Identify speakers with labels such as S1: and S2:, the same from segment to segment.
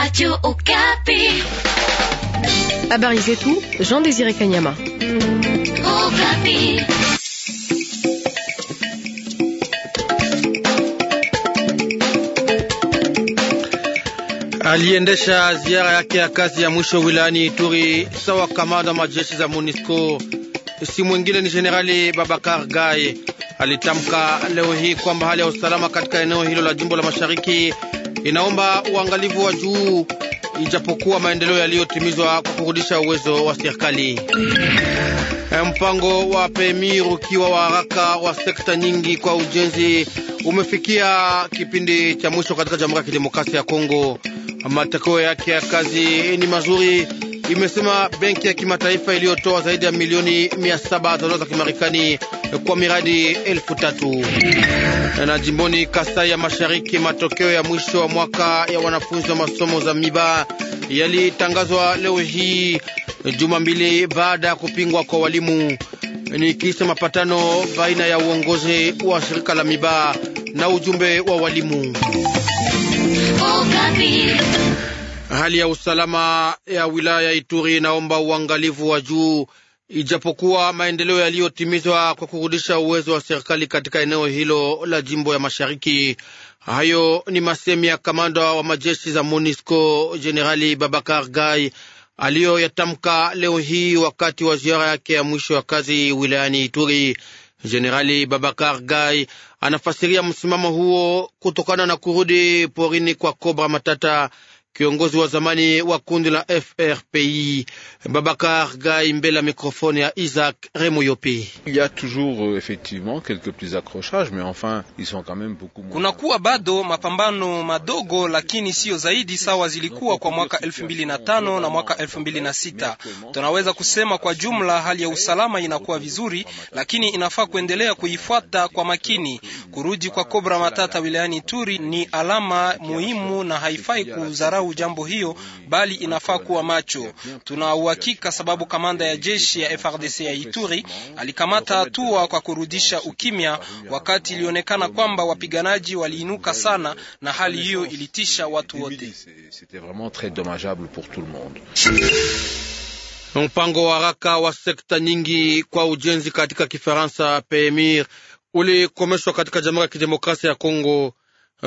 S1: Radio Okapi. Habari zetu Jean Désiré Kanyama. Okapi.
S2: Aliendesha ziara yake ya kazi ya mwisho wilayani Ituri sawa kamanda majeshi za MONUSCO. Si mwingine ni Jenerali Babakar Gaye alitamka leo hii kwamba hali ya usalama katika eneo hilo la jimbo la mashariki inaomba uangalivu wa juu, ijapokuwa maendeleo yaliyotimizwa kwa kurudisha uwezo wa serikali. Mpango wa PMI ukiwa wa haraka wa sekta nyingi kwa ujenzi umefikia kipindi cha mwisho katika Jamhuri ya Kidemokrasia ya Kongo. Matokeo yake ya kazi ni mazuri, imesema benki ya kimataifa iliyotoa zaidi ya milioni mia saba za dola za Kimarekani kwa miradi elfu tatu. Na jimboni Kasai ya Mashariki, matokeo ya mwisho wa mwaka ya wanafunzi wa masomo za miba yalitangazwa leo hii juma mbili baada ya kupingwa kwa walimu, ni kisha mapatano baina ya uongozi wa shirika la miba na ujumbe wa walimu. Hali ya usalama ya wilaya Ituri inaomba uangalifu wa juu ijapokuwa maendeleo yaliyotimizwa kwa kurudisha uwezo wa serikali katika eneo hilo la jimbo ya mashariki. Hayo ni masemi ya kamanda wa majeshi za MONUSCO Jenerali Babakar Gai aliyoyatamka leo hii wakati wa ziara yake ya mwisho ya kazi wilayani Ituri. Jenerali Babakar Gai anafasiria msimamo huo kutokana na kurudi porini kwa Kobra Matata kiongozi wa zamani wa kundi la FRPI Babakar Gai mbele ya mikrofoni ya Isaac Remoyope. Euh,
S3: kuwa bado mapambano madogo, lakini siyo zaidi sawa zilikuwa kwa mwaka 2005 na mwaka 2006. Tunaweza kusema kwa jumla hali ya usalama inakuwa vizuri, lakini inafaa kuendelea kuifuata kwa makini. Kurudi kwa Kobra Matata wilayani Turi ni alama muhimu na haifai kuzarau kudharau jambo hiyo, bali inafaa kuwa macho. Tuna uhakika sababu kamanda ya jeshi ya FRDC ya Ituri alikamata hatua kwa kurudisha ukimya wakati ilionekana kwamba wapiganaji waliinuka sana, na hali hiyo ilitisha watu wote.
S2: Mpango wa haraka wa sekta nyingi kwa ujenzi katika Kifaransa PMIR ulikomeshwa katika Jamhuri ya Kidemokrasia ya Kongo.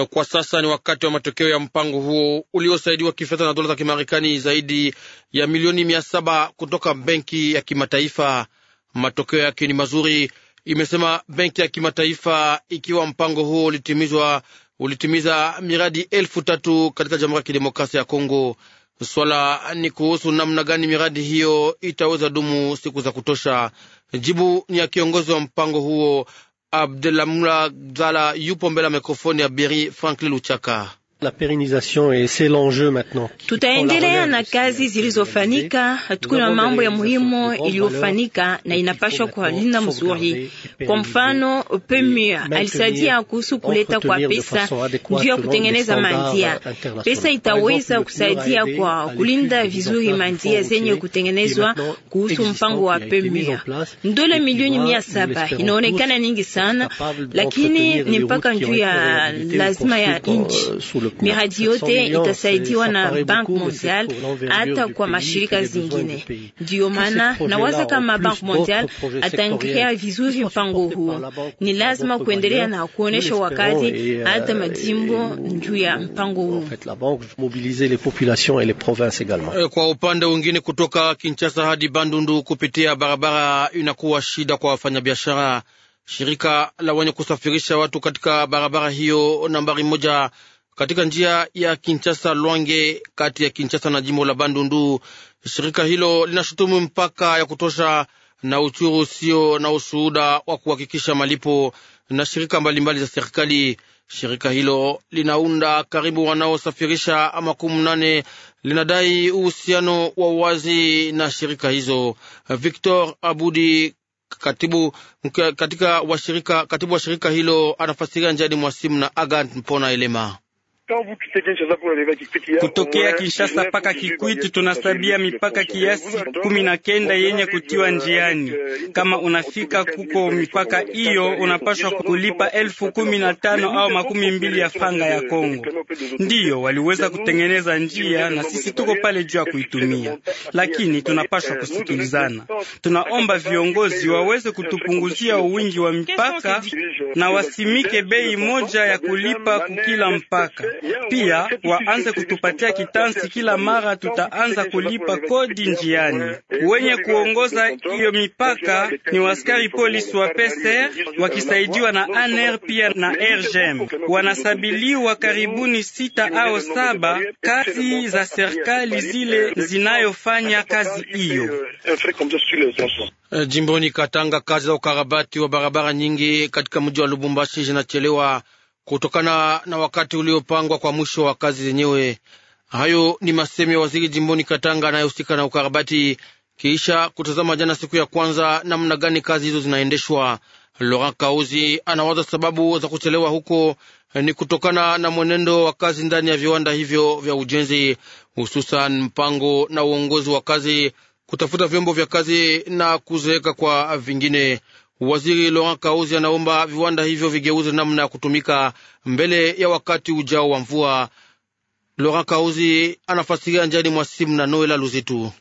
S2: Kwa sasa ni wakati wa matokeo ya mpango huo uliosaidiwa kifedha na dola za Kimarekani zaidi ya milioni mia saba kutoka benki ya kimataifa. Matokeo yake ni mazuri, imesema benki ya kimataifa, ikiwa mpango huo ulitimizwa ulitimiza miradi elfu tatu katika Jamhuri ya Kidemokrasia ya Kongo. Swala ni kuhusu namna gani miradi hiyo itaweza dumu siku za kutosha. Jibu ni ya kiongozi wa mpango huo Abdullah Mla Zala yupo mbele ya mikrofoni ya Beri Franklin Luchaka na pérennisation et c'est l'enjeu
S3: maintenant.
S1: Tutaendelea na kazi zilizofanyika. Kuna mambo ya muhimu iliyofanyika na inapaswa kulinda mzuri. Kwa mfano, Pemia alisaidia kuhusu kuleta kwa pesa ndio ya kutengeneza mandia. Pesa itaweza kusaidia kwa kulinda vizuri mandia zenye kutengenezwa kuhusu mpango wa Pemia. Ndole milioni mia saba inaonekana nyingi sana, lakini ni mpaka juu ya lazima ya euh,
S2: nchi miradi yote
S1: itasaidiwa na Bank Mondial hata kwa mashirika zingine. Ndiyo maana nawaza kama Bank Mondial ataingilia vizuri mpango huu. Ni lazima kuendelea na kuonyesha wakati euh, hata majimbo juu ya mpango huo.
S2: Euh, kwa upande wengine, kutoka Kinshasa hadi Bandundu kupitia barabara inakuwa shida kwa wafanyabiashara. Shirika la wenye kusafirisha watu katika barabara hiyo nambari moja katika njia ya Kinchasa Lwange, kati ya Kinchasa na jimbo la Bandundu. Shirika hilo linashutumu mpaka ya kutosha na uchuru usio na ushuhuda wa kuhakikisha malipo na shirika mbalimbali mbali za serikali. Shirika hilo linaunda karibu wanaosafirisha ama kumi nane, linadai uhusiano wa uwazi na shirika hizo. Victor Abudi katibu katika washirika, katibu wa shirika hilo anafasiria njani mwasimu na Agant Mpona Elema.
S1: Kutokea Kinshasa mpaka Kikwiti tunasabia mipaka kiasi kumi na kenda yenye kutiwa
S3: euh, njiani. Euh, Kama unafika kuko mipaka hiyo, unapashwa kulipa elfu kumi na tano au makumi mbili ya fanga ya Kongo. Ndiyo waliweza kutengeneza njia na sisi tuko pale juu ya kuitumia, lakini tunapashwa euh, kusikilizana. Tunaomba viongozi waweze kutupunguzia uwingi wa mipaka na wasimike bei moja ya kulipa kukila mpaka. Pia waanze kutupatia kitansi kila mara tutaanza kulipa kodi njiani. Wenye kuongoza hiyo mipaka ni waskari polisi wa PCR wakisaidiwa na ANR pia na RGM. Wanasabiliwa karibuni sita au saba kazi za serikali zile zinayofanya kazi hiyo.
S2: Eh, jimboni Katanga, kazi za ukarabati wa barabara nyingi katika mji wa Lubumbashi zinachelewa kutokana na wakati uliopangwa kwa mwisho wa kazi zenyewe. Hayo ni masemo ya waziri jimboni Katanga anayehusika na ukarabati, kisha kutazama jana siku ya kwanza namna gani kazi hizo zinaendeshwa. Laurent Kauzi anawaza sababu za kuchelewa huko ni kutokana na mwenendo wa kazi ndani ya viwanda hivyo vya ujenzi, hususan mpango na uongozi wa kazi, kutafuta vyombo vya kazi na kuzeeka kwa vingine. Waziri Laurent Kauzi anaomba viwanda hivyo vigeuze namna ya kutumika mbele ya wakati ujao wa mvua. Laurent Kauzi anafasiria njani mwa simu na Noela Luzitu.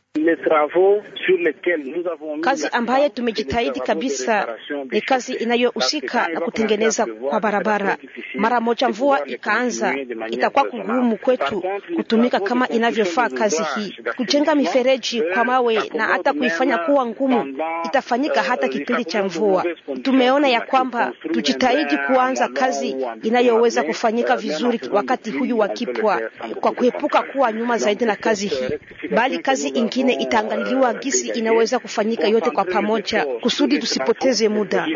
S1: Kazi ambayo tumejitahidi kabisa ni kazi inayohusika na kutengeneza kwa barabara. Mara moja mvua ikaanza, itakuwa kugumu kwetu kutumika kama inavyofaa kazi hii. Kujenga mifereji kwa mawe na hata kuifanya kuwa ngumu itafanyika euh, hata kipindi cha mvua. Tumeona ya kwamba tujitahidi kuanza kazi inayoweza kufanyika euh, vizuri wakati huyu wa kipwa, kwa kuepuka kuwa nyuma zaidi na kazi hii, bali kazi ingine nyingine itaangaliwa gisi inaweza kufanyika yote kwa pamoja, kusudi tusipoteze muda.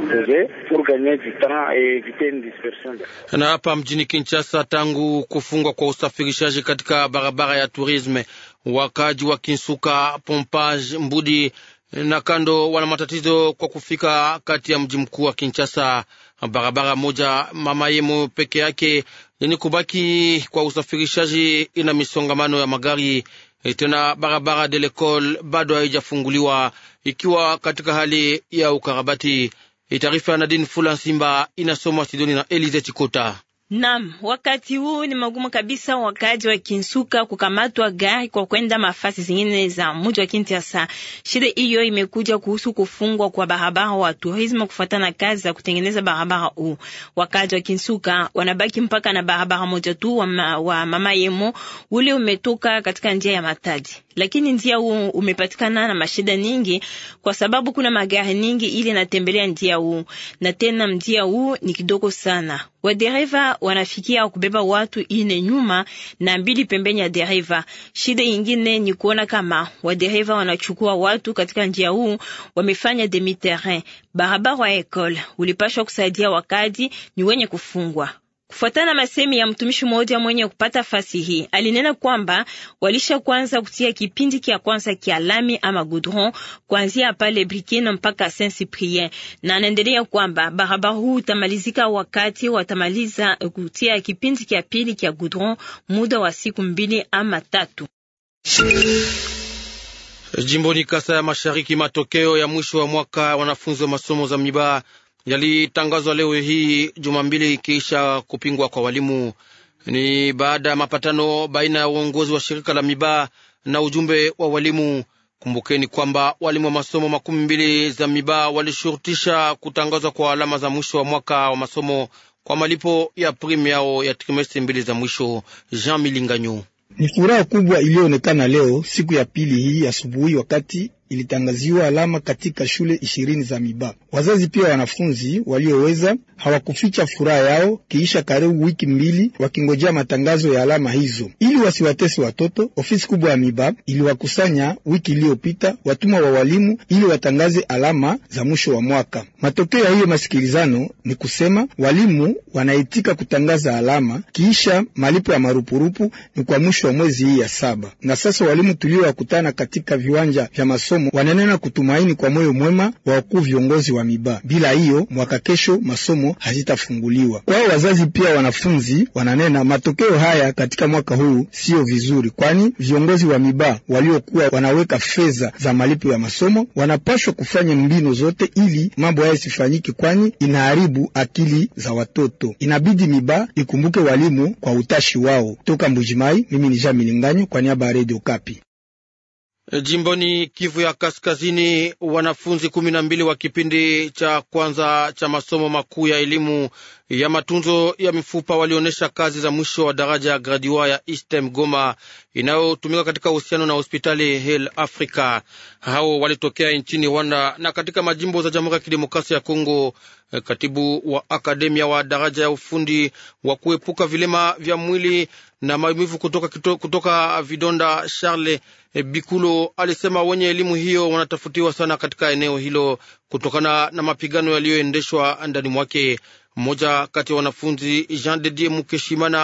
S2: Na hapa mjini Kinshasa, tangu kufungwa kwa usafirishaji katika barabara ya tourisme wakaji wa Kinsuka, Pompage, Mbudi na kando wana matatizo kwa kufika kati ya mji mkuu wa Kinshasa. Barabara moja mama yemo peke yake yenye kubaki kwa usafirishaji ina misongamano ya magari. E, tena barabara de l'Ecole bado haijafunguliwa ikiwa katika hali ya ukarabati. E, taarifa ya Nadine Fula Simba inasomwa Sidoni na Elize Chikota.
S1: Nam, wakati huu ni magumu kabisa wakaji wa Kinsuka kukamatwa gari kwa kwenda mafasi zingine za mji wa Kinshasa. Shida hiyo imekuja kuhusu kufungwa kwa barabara wa tourism kufuatana na kazi za kutengeneza barabara huu. Wakaji wa Kinsuka wanabaki mpaka na barabara moja tu wa, ma, wa Mama Yemo ule umetoka katika njia ya Mataji, Lakini njia huu umepatikana na mashida nyingi kwa sababu kuna magari nyingi ili natembelea njia huu. Na tena njia huu ni kidogo sana. Wadereva wanafikia kubeba watu ine nyuma na mbili pembeni ya dereva. Shida ingine ni kuona kama wadereva wanachukua watu katika njia huu, wamefanya demi terrain. Barabara wa ekole ulipashwa kusaidia wakati ni wenye kufungwa. Kufuatana na masemi ya mtumishi mmoja mwenye kupata fasi hii, alinena kwamba walisha kwanza kutia kipindi kia kwanza kia lami ama goudron kuanzia pale Brikina mpaka Saint Cyprien, na anaendelea kwamba barabara huu utamalizika wakati watamaliza kutia kipindi kia pili kia goudron muda wa siku mbili ama tatu.
S2: Jimboni Kasa ya Mashariki, matokeo ya mwisho wa mwaka wanafunzi wa masomo za mibaa yalitangazwa leo hii juma mbili ikiisha kupingwa kwa walimu. Ni baada ya mapatano baina ya uongozi wa shirika la mibaa na ujumbe wa walimu. Kumbukeni kwamba walimu wa masomo makumi mbili za mibaa walishurutisha kutangazwa kwa alama za mwisho wa mwaka wa masomo kwa malipo ya prime yao ya trimestri mbili za mwisho. Jean Milinganyo
S4: ni furaha kubwa iliyoonekana leo siku ya pili hii asubuhi, wakati ilitangaziwa alama katika shule ishirini za Miba. Wazazi pia wanafunzi walioweza hawakuficha furaha yao kiisha karibu wiki mbili wakingojea matangazo ya alama hizo ili wasiwatesi watoto. Ofisi kubwa ya Miba iliwakusanya wiki iliyopita watumwa wa walimu ili watangaze alama za mwisho wa mwaka. Matokeo ya hiyo masikilizano ni kusema walimu wanaitika kutangaza alama kiisha malipo ya marupurupu ni kwa mwisho wa mwezi hii ya saba, na sasa walimu tuliowakutana katika viwanja vya masomo masomo wananena kutumaini kwa moyo mwema wa wakuu viongozi wa miba. Bila hiyo, mwaka kesho masomo hazitafunguliwa kwao. Wazazi pia wanafunzi wananena matokeo haya katika mwaka huu siyo vizuri, kwani viongozi wa miba waliokuwa wanaweka fedha za malipo ya masomo wanapashwa kufanya mbinu zote ili mambo haya sifanyike kwani inaharibu akili za watoto. Inabidi miba ikumbuke walimu kwa utashi wao. Toka Mbujimai, mimi ni Jean Milinganyo kwa niaba ya Radio Kapi.
S2: Eh, jimboni Kivu ya Kaskazini, wanafunzi kumi na mbili wa kipindi cha kwanza cha masomo makuu ya elimu ya matunzo ya mifupa walionyesha kazi za mwisho wa daraja ya gradua ya Istem Goma inayotumika katika uhusiano na hospitali Hel Africa. Hao walitokea nchini Rwanda na katika majimbo za Jamhuri ya Kidemokrasia ya Kongo. Eh, katibu wa akademia wa daraja ya ufundi wa kuepuka vilema vya mwili na maumivu kutoka, kutoka, kutoka vidonda Charles eh, Bikulo alisema wenye elimu hiyo wanatafutiwa sana katika eneo hilo kutokana na mapigano yaliyoendeshwa ndani mwake. Mmoja kati ya wanafunzi Jean Dedie Mukeshimana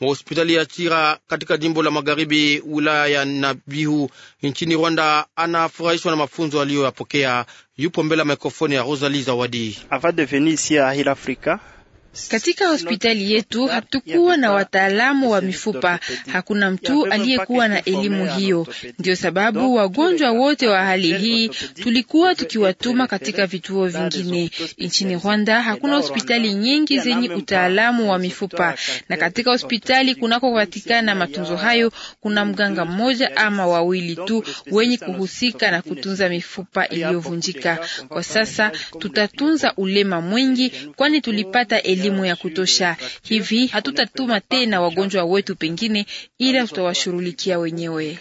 S2: wa hospitali ya Chira katika jimbo la magharibi wilaya ya Nabihu nchini Rwanda anafurahishwa na mafunzo aliyoyapokea. Yupo mbele ya mikrofoni ya Rosalie Zawadi.
S1: Katika hospitali yetu hatukuwa na uh, wataalamu wa mifupa, hakuna mtu aliyekuwa na elimu uh, hiyo. Ndio sababu wagonjwa wote wa hali hii tulikuwa tukiwatuma katika vituo vingine. Nchini Rwanda hakuna hospitali nyingi zenye utaalamu wa mifupa, na katika hospitali kunakopatikana matunzo hayo kuna mganga mmoja ama wawili tu wenye kuhusika na kutunza mifupa iliyovunjika. Kwa sasa tutatunza ulema mwingi, kwani tulipata elimu elimu ya kutosha. Hivi hatutatuma tena wagonjwa wetu pengine, ila tutawashughulikia wenyewe.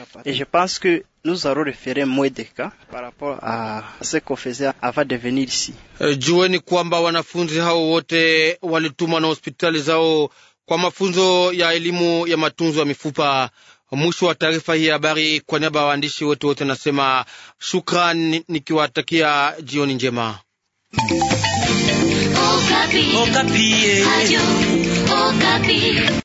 S2: Eh, jueni kwamba wanafunzi hao wote walitumwa na hospitali zao kwa mafunzo ya elimu ya matunzo ya mifupa. Mwisho wa taarifa hii habari. Kwa niaba ya waandishi wetu wote, nasema shukran nikiwatakia jioni njema. Okapi. Okapi.